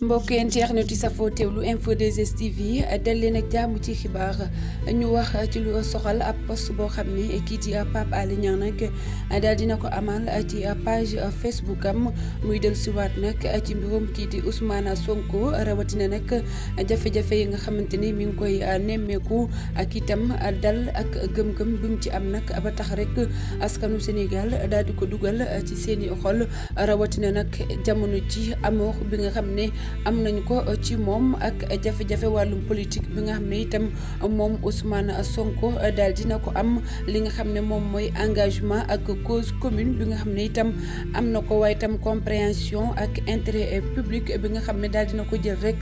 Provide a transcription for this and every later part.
mbokk internet yi safoo teewlu info 2S TV dal leen ak jàmm ci xibaar ñu wax ci lu soxal ab post boo xam ne kii di Pape Alé Niang nag daal dina ko amal ci page Facebook am muy del siwaat nag ci mbirum kiit di Ousmane Sonko rawatina nag jafe-jafe yi nga xamante ni mi ngi koy nemmeeku ak itam dal ak gëm-gëm bi ci am nag ba tax rek askanu Sénégal daal di ko dugal ci seeni xol rawatina nag jamono ci amoo bi nga xam ne. am nañu ko ci moom ak jafe-jafe wàllum politique bi nga xam ne itam moom Ousmane Sonko daal dina ko am li nga xam ne moom engagement ak cause commune bi nga xam ne itam am ko compréhension ak intérêt public bi nga xam ne daal ko jël rek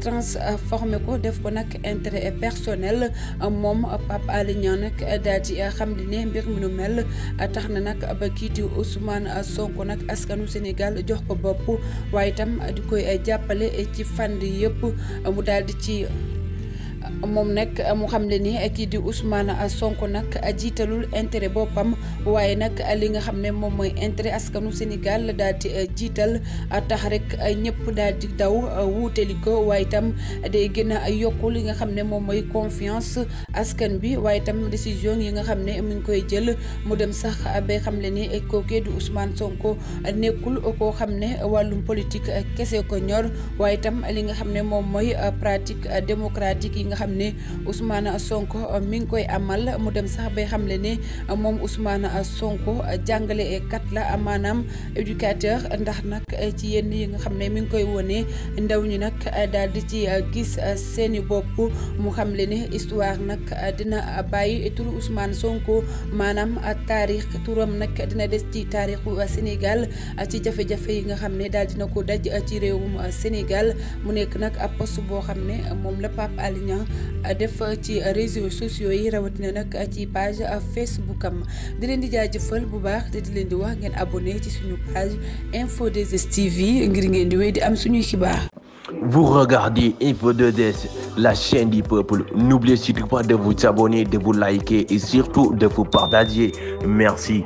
transformer ko def ko nag intérêt personnel mom Pape Alé nak nag daal di xam mbir mi mel tax na nag ba kii Ousmane Sonko nag askanu Sénégal jox ko bopp waaye itam di jàppale ci fànn yëpp mu daal di ci moom nag mu xam le ak kii di Ousmane Sonko nag jiitalul intérêt boppam waaye nag li nga xam ne moom mooy intérêt askanu Sénégal daal di eh, jiital a eh, tax rek eh, ñëpp daal di daw wuuteli ko itam day gën a yokku li nga xam ne moom mooy confiance askan bi waaye itam décision yi nga xam ne mu ngi koy jël mu dem sax ba xam le ni kookee di Ousmane Sonko nekkul koo xam ne wàllum politique kese ko ñor waaye itam li nga xam ne moom mooy pratique démocratique yi nga xam ne a Sonko euh, mi ngi koy amal mu dem sax bay xamle ne euh, moom a Sonko euh, jàngale jàngalekat la maanaam éducateur ndax nag ci yenn yi nga xam ne mi ngi koy wone ndaw ñi nag daal di ci gis seeni bopp mu xamle ne histoire nag dina bàyyi turu Ousmane Sonko maanaam taarix turam nag dina des ci taarixu Sénégal ci jafe-jafe yi nga xam ne daal dina ko daj ci réewum Sénégal mu nekk nag ab poste boo xam ne moom la Pape Alé def ci réseaux sociaux yi rawatina nag ci page Facebook am di leen di jaajëfal bu baax te di leen di wax ngeen abonné ci suñu page Info des TV ngir ngeen di wéy di am suñu xibaar. Vous regardez Info 2 la chaîne du peuple. N'oubliez surtout pas de vous abonner, de vous liker et surtout de vous partager. Merci.